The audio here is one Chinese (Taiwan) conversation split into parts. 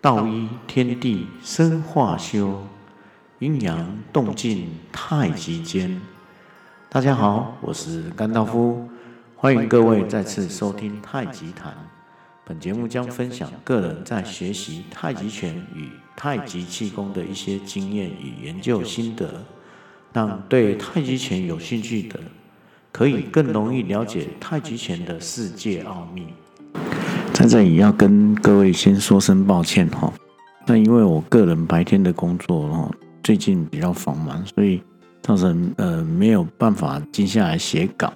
道一天地生化修。陰陽動靜太極間。大家好，我是甘道夫，歡迎各位再次收聽《太極談》。本節目將分享個人在學習太極拳與太極氣功的一些經驗與研究心得，讓對太極拳有興趣的可以更容易了解太極拳的世界奧秘。現在也要跟各位先說聲抱歉，哈。那因為我個人白天的工作哦，最近比較繁忙，所以造成呃沒有辦法靜下來寫稿。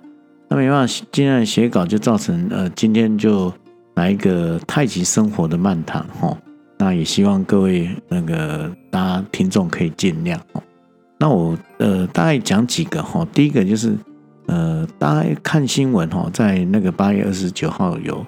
那沒辦法靜下來寫稿，就造成呃今天就來一個太極生活的漫談哈。那也希望各位那個大家聽眾可以見諒哦。那我呃大概講幾個哈、哦，第一個就是呃大家看新聞哈，在那個八月二十九號有。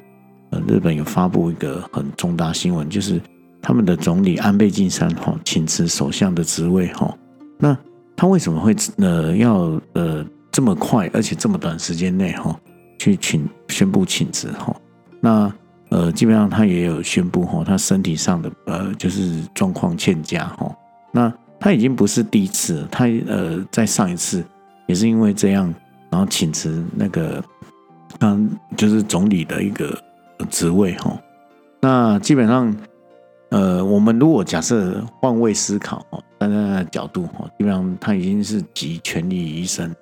日本有發布一個很重大新聞，就是他們的總理安倍晉三哈請辭首相的職位哈。那他為什麼會呃要呃這麼快，而且這麼短時間內哈去請宣布請辭哈？那呃基本上他也有宣布哈，他身體上的呃就是狀況欠佳哈。那他已經不是第一次了，他呃在上一次也是因為這樣，然後請辭那個剛就是總理的一個。職位哈，那基本上，呃，我們如果假設換位思考哦，在他的角度哦，基本上他已經是集權力於一身，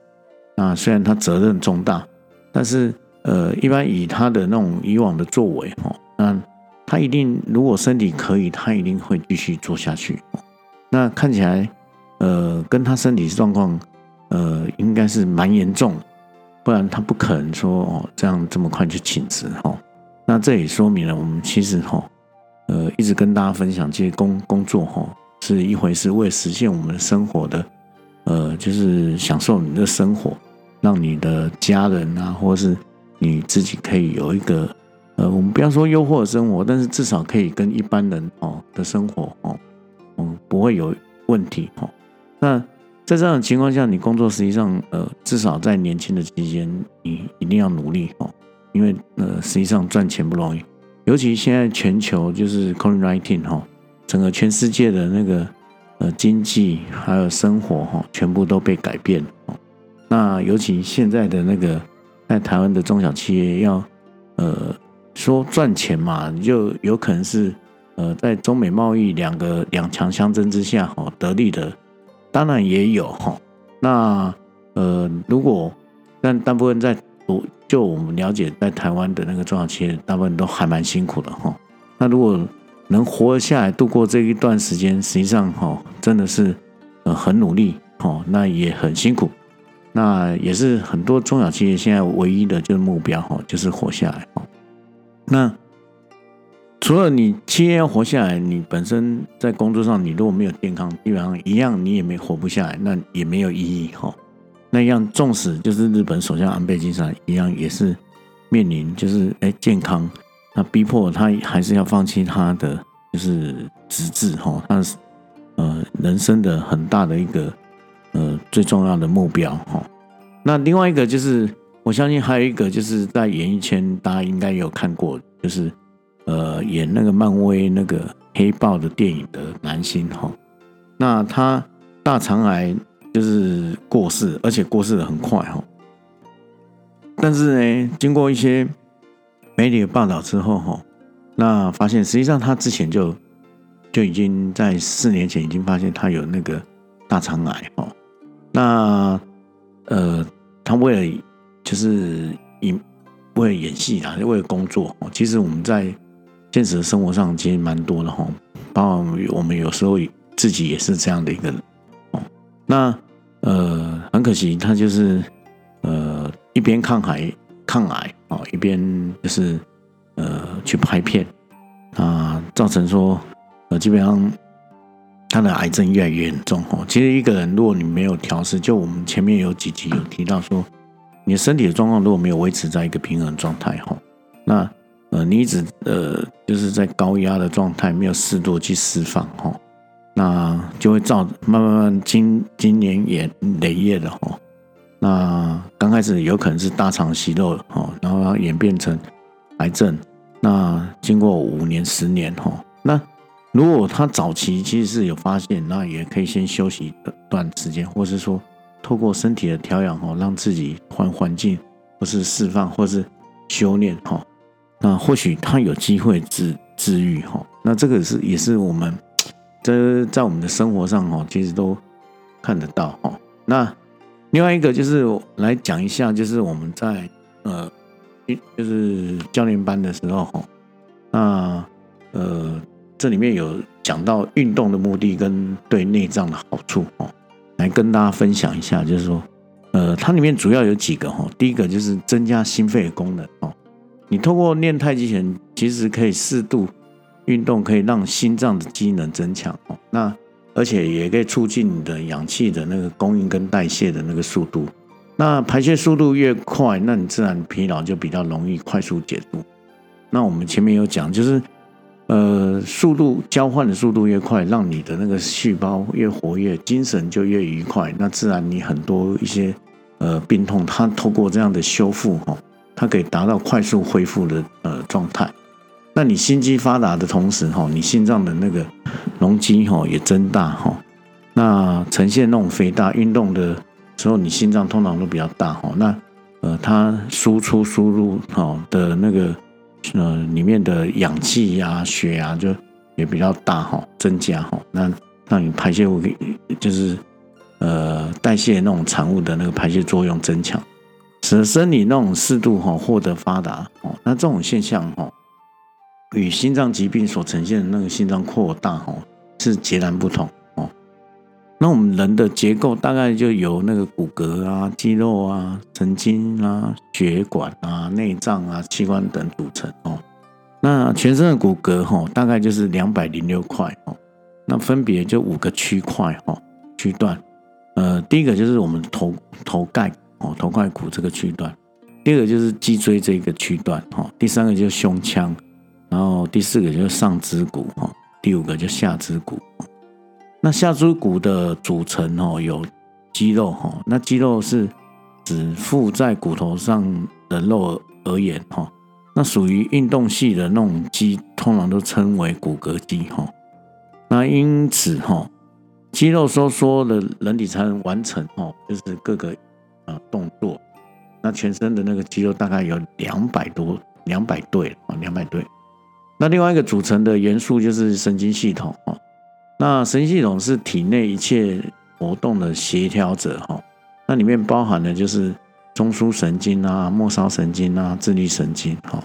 那雖然他責任重大，但是呃，一般以他的那種以往的作為哈，那他一定如果身體可以，他一定會繼續做下去。那看起來，呃，跟他身體狀況，呃，應該是蠻嚴重，不然他不可能說哦這樣這麼快就請辭哈。那這也說明了，我們其實哈、哦，呃，一直跟大家分享，這些工工作哈、哦、是一回事，為了實現我們的生活的，呃，就是享受你的生活，讓你的家人啊，或者是你自己可以有一個，呃，我們不要說優渥的生活，但是至少可以跟一般人哦的生活哦，嗯，不會有問題哦。那在這樣的情況下，你工作實際上，呃，至少在年輕的期間，你一定要努力哦。因為呃，實際上賺錢不容易，尤其現在全球就是 COVID nineteen 哈，整個全世界的那個呃經濟還有生活哈、哦，全部都被改變。哦，那尤其現在的那個在台灣的中小企業要呃說賺錢嘛，就有可能是呃在中美貿易兩個兩強相爭之下哈、哦，得利的，當然也有哈、哦。那呃如果但大部分在就我們了解，在台灣的那個中小企業，大部分都還蠻辛苦的哈。那如果能活下來度過這一段時間，實際上哈，真的是呃很努力哦，那也很辛苦。那也是很多中小企業現在唯一的就是目標哈，就是活下來。那除了你企業要活下來，你本身在工作上，你如果沒有健康，基本上一樣你也沒活不下來，那也沒有意義哈。那樣，縱使就是日本首相安倍晉三一樣，也是面臨就是哎、欸、健康，那逼迫他還是要放棄他的就是職志哈，他是呃人生的很大的一個呃最重要的目標哈、哦。那另外一個就是我相信還有一個就是在演藝圈大家應該有看過，就是呃演那個漫威那個黑豹的電影的男星哈、哦，那他大腸癌。就是過世，而且過世的很快哦。但是呢，經過一些媒體的報道之後哈，那發現實際上他之前就就已經在四年前已經發現他有那個大腸癌哈。那呃，他為了就是演為了演戲啊，為了工作哦。其實我們在現實的生活上其實蠻多的哈，包括我們有時候自己也是這樣的一個人。那呃，很可惜，他就是呃一邊抗癌抗癌啊，一邊就是呃去拍片啊、呃，造成說呃基本上他的癌症越來越嚴重哦。其實一個人，如果你沒有調試，就我們前面有幾集有提到說，你身體的狀況如果沒有維持在一個平衡狀態哈，那呃你一直呃就是在高壓的狀態，沒有適度去釋放哦。呃那就會造成慢慢慢經，經年累月的吼，那剛開始有可能是大腸息肉吼，然後演變成癌症。那經過五年十年吼，那如果他早期其實是有發現，那也可以先休息一段時間，或是說透過身體的調養哦，讓自己換環境，或是釋放，或是修煉哈，那或許他有機會治治癒哈。那這個是也是我們。這在我們的生活上哦，其實都看得到哈。那另外一個就是我來講一下，就是我們在呃，就是教練班的時候哈，那呃，這裡面有講到運動的目的跟對內臟的好處哦，來跟大家分享一下，就是說，呃，它裡面主要有幾個哈，第一個就是增加心肺的功能哦，你透過練太極拳，其實可以適度。運動可以讓心臟的機能增強，那而且也可以促進你的氧氣的那個供應跟代謝的那個速度。那排泄速度越快，那你自然疲勞就比較容易快速解除。那我們前面有講，就是呃，速度交換的速度越快，讓你的那個細胞越活躍，精神就越愉快。那自然你很多一些呃病痛，它透過這樣的修復，哈，它可以達到快速恢復的呃狀態。那你心肌發達的同時，哈，你心臟的那個容積，哈，也增大，哈，那呈現那種肥大。運動的時候，你心臟通常都比較大，哈，那呃，它輸出輸入，哈的那個呃裡面的氧氣呀、血呀、啊，就也比較大，哈，增加，哈，那讓你排泄物給就是呃代謝那種產物的那個排泄作用增強，使得生理那種適度，哈，獲得發達，哦，那這種現象，哈。與心臟疾病所呈現的那個心臟擴大哦，是截然不同哦。那我們人的結構大概就由那個骨骼啊、肌肉啊、神經啊、血管啊、內臟啊、器官等組成哦。那全身的骨骼哦，大概就是兩百零六塊哦。那分別就五個區塊哦，區段。呃，第一個就是我們頭頭蓋哦，頭蓋骨這個區段；第二個就是脊椎這個區段哦；第三個就是胸腔。然後第四個就是上肢骨哈，第五個就是下肢骨。那下肢骨的組成哦，有肌肉哈。那肌肉是指附在骨頭上的肉而言哈。那屬於運動系的那種肌，通常都稱為骨骼肌哈。那因此哈，肌肉收縮的人體才能完成哦，就是各個呃動作。那全身的那個肌肉大概有兩百多兩百對啊，兩百對。那另外一個組成的元素就是神經系統哦，那神經系統是體內一切活動的協調者哈。那裡面包含的就是中樞神經啊、末梢神經啊、自律神經哦。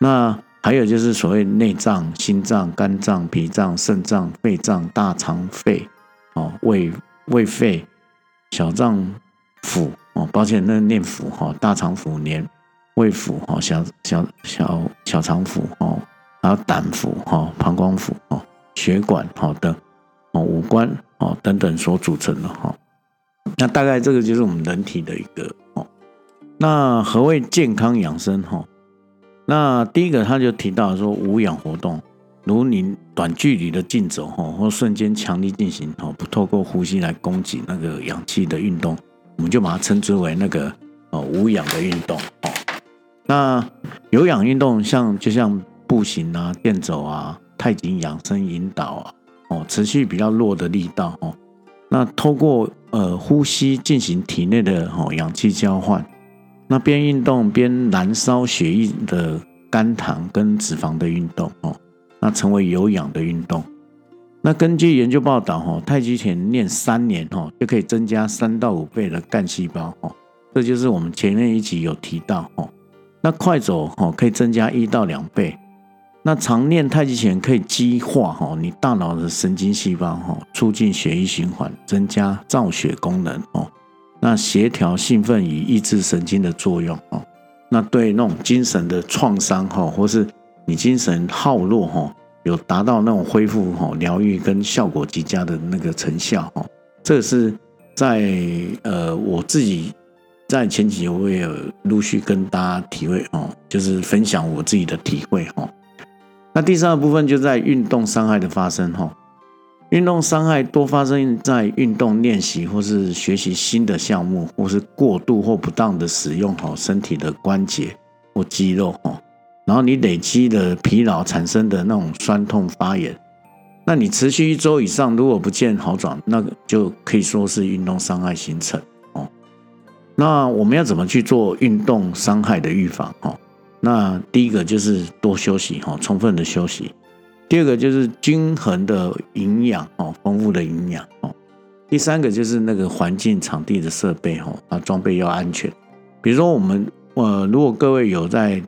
那還有就是所謂內臟：心臟、肝臟、脾臟、腎臟、肺臟、大腸、肺哦、胃、胃肺，肺，肺、小臟腑哦，包括那念腑哈：大腸腑，腑、連胃腑哈、小小小小腸腑哈。然後膽腑哈、哦、膀胱腑啊、哦、血管好的、哦、五官哦等等所組成的哈、哦，那大概這個就是我們人體的一個哦。那何謂健康養生哈、哦？那第一個他就提到說，無氧活動，如您短距離的競走哈、哦、或瞬間強力進行哈、哦，不透過呼吸來供給那個氧氣的運動，我們就把它稱之為那個哦無氧的運動哦。那有氧運動像就像，步行啊，健走啊，太極養生引導啊，哦，持續比較弱的力道哦，那透過呃呼吸進行體內的哦氧氣交換，那邊運動邊燃燒血液的肝糖跟脂肪的運動哦，那成為有氧的運動。那根據研究報道，哦，太極拳練三年哦，就可以增加三到五倍的幹細胞哦，這就是我們前面一集有提到哦，那快走哦可以增加一到兩倍。那常練太極拳可以激化哈你大腦的神經細胞哈，促進血液循環，增加造血功能哦。那協調興奮與抑制神經的作用哦。那對那種精神的創傷哈，或是你精神耗弱哈，有達到那種恢復哈、療癒跟效果極佳的那個成效哦。這個是在呃我自己在前幾，我也有陸續跟大家體會哦，就是分享我自己的體會哦。那第三個部分就在運動傷害的發生哈、哦，運動傷害多發生在運動練習或是學習新的項目，或是過度或不當的使用好、哦、身體的關節或肌肉哈、哦，然後你累積的疲勞產生的那種酸痛發炎，那你持續一周以上如果不見好轉，那個就可以說是運動傷害形成哦。那我們要怎麼去做運動傷害的預防哈、哦？那第一個就是多休息哈、哦，充分的休息；第二個就是均衡的營養哦，豐富的營養哦；第三個就是那個環境、場地的設備哦，啊，裝備要安全。比如說，我們呃，如果各位有在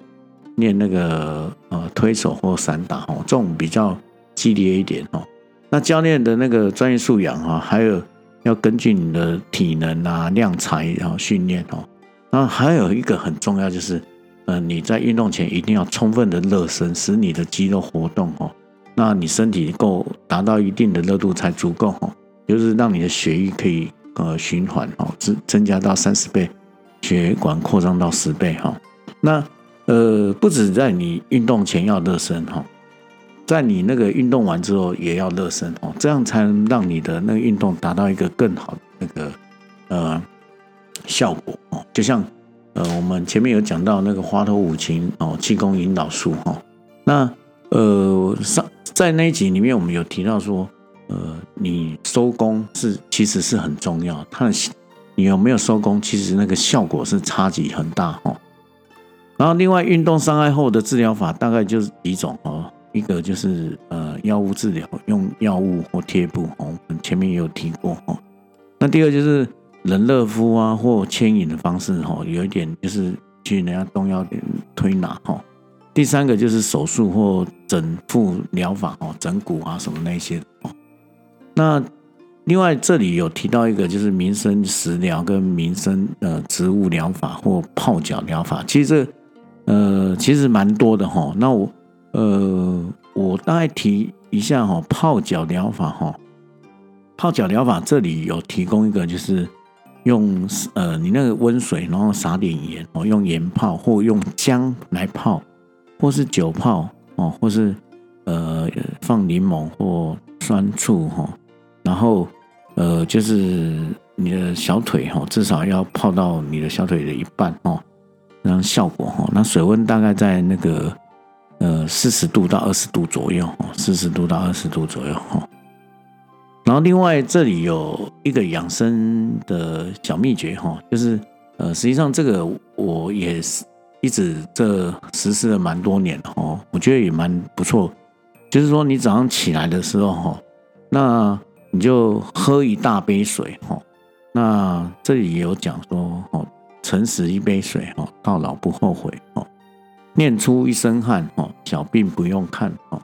練那個呃推手或散打哦，這種比較激烈一點哦。那教練的那個專業素養哈、哦，還有要根據你的體能啊、量才然後訓練哦。那還有一個很重要就是。嗯、呃，你在運動前一定要充分的熱身，使你的肌肉活動哦。那你身體夠達到一定的熱度才足夠哦，就是讓你的血液可以呃循環哦，增增加到三十倍，血管擴張到十倍哈、哦。那呃，不止在你運動前要熱身哈、哦，在你那個運動完之後也要熱身哦，這樣才能讓你的那個運動達到一個更好的那個呃效果哦，就像。呃，我們前面有講到那個華佗五禽哦，氣功引導術哈、哦。那呃，上在那一集裡面，我們有提到說，呃，你收功是其實是很重要，它的你有沒有收功，其實那個效果是差距很大哈、哦。然後，另外運動傷害後的治療法大概就是幾種哦，一個就是呃藥物治療，用藥物或貼布哦，我們前面也有提過哦，那第二就是。冷熱敷啊，或牽引的方式吼、哦，有一點就是去人家中藥店推拿吼、哦。第三個就是手術或整復療法吼、哦，整骨啊什麼那些、哦。那另外這裡有提到一個就是民生食療跟民生呃植物療法或泡腳療法，其實呃其實蠻多的哈、哦。那我呃我大概提一下吼，泡腳療法哦吼，泡腳療法哦這裡有提供一個就是。用呃，你那個溫水，然後撒點鹽哦，用鹽泡或用薑來泡，或是酒泡哦，或是呃放檸檬或酸醋哈、哦，然後呃就是你的小腿哈、哦，至少要泡到你的小腿的一半哦，那樣效果哈、哦，那水溫大概在那個呃四十度到二十度左右哦，四十度到二十度左右哦。然後，另外這裡有一個養生的小秘訣哈，就是呃，實際上這個我也是一直這實施了蠻多年的哦，我覺得也蠻不錯。就是說，你早上起來的時候哈，那你就喝一大杯水哈。那這裡也有講說哦，晨時一杯水哦，到老不後悔哦，練出一身汗哦，小病不用看哦，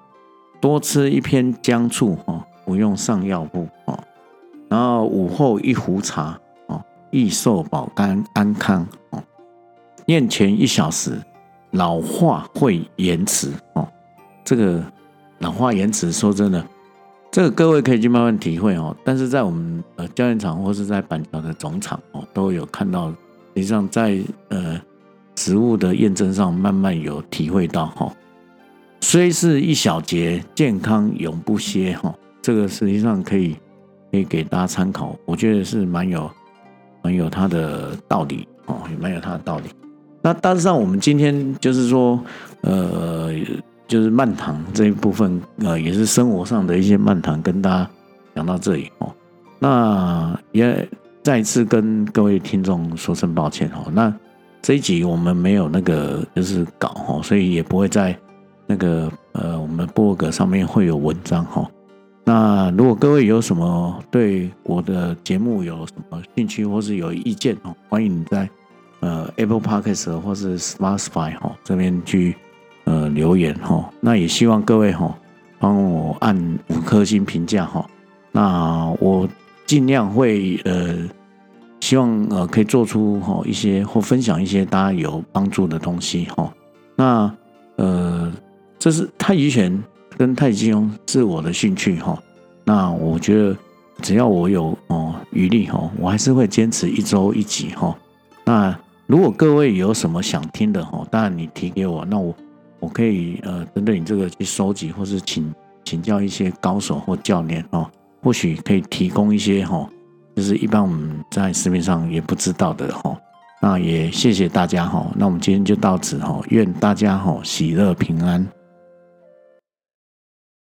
多吃一片薑醋哈。不用上藥補、哦、然後午後一壺茶哦，益壽保肝安康哦。睡前一小時，老化會延遲哦。這個老化延遲，說真的，這個各位可以去慢慢體會哦。但是在我們呃教練場或是在板橋的總場哦，都有看到，實際上在呃食物的驗證上，慢慢有體會到哈、哦。雖是一小節，健康永不歇哈。哦這個實際上可以可以給大家參考，我覺得是蠻有蠻有它的道理哦，也蠻有它的道理。那大致上我們今天就是說，呃，就是漫談這一部分，呃，也是生活上的一些漫談跟大家講到這裡哦。那也再一次跟各位聽眾說聲抱歉哦。那這一集我們沒有那個就是稿，哦，所以也不會在那個呃我們博客上面會有文章哈。哦那如果各位有什麼對我的節目有什麼興趣，或是有意見哦，歡迎你在呃 Apple Podcast 或是 Spotify 哈這邊去呃留言哈。那也希望各位哈幫我按五顆星評價哈。那我盡量會呃希望呃可以做出哈一些或分享一些大家有幫助的東西哈。那呃這是太極拳。跟太極拳是我的興趣哈、哦，那我覺得只要我有哦餘力哈、哦，我還是會堅持一周一集哈、哦。那如果各位有什麼想聽的哈、哦，當然你提給我，那我我可以呃針對你這個去收集，或是請請教一些高手或教練哦，或許可以提供一些哈、哦，就是一般我們在市面上也不知道的哈、哦。那也謝謝大家哈、哦，那我們今天就到此哈、哦，願大家哈、哦、喜樂平安。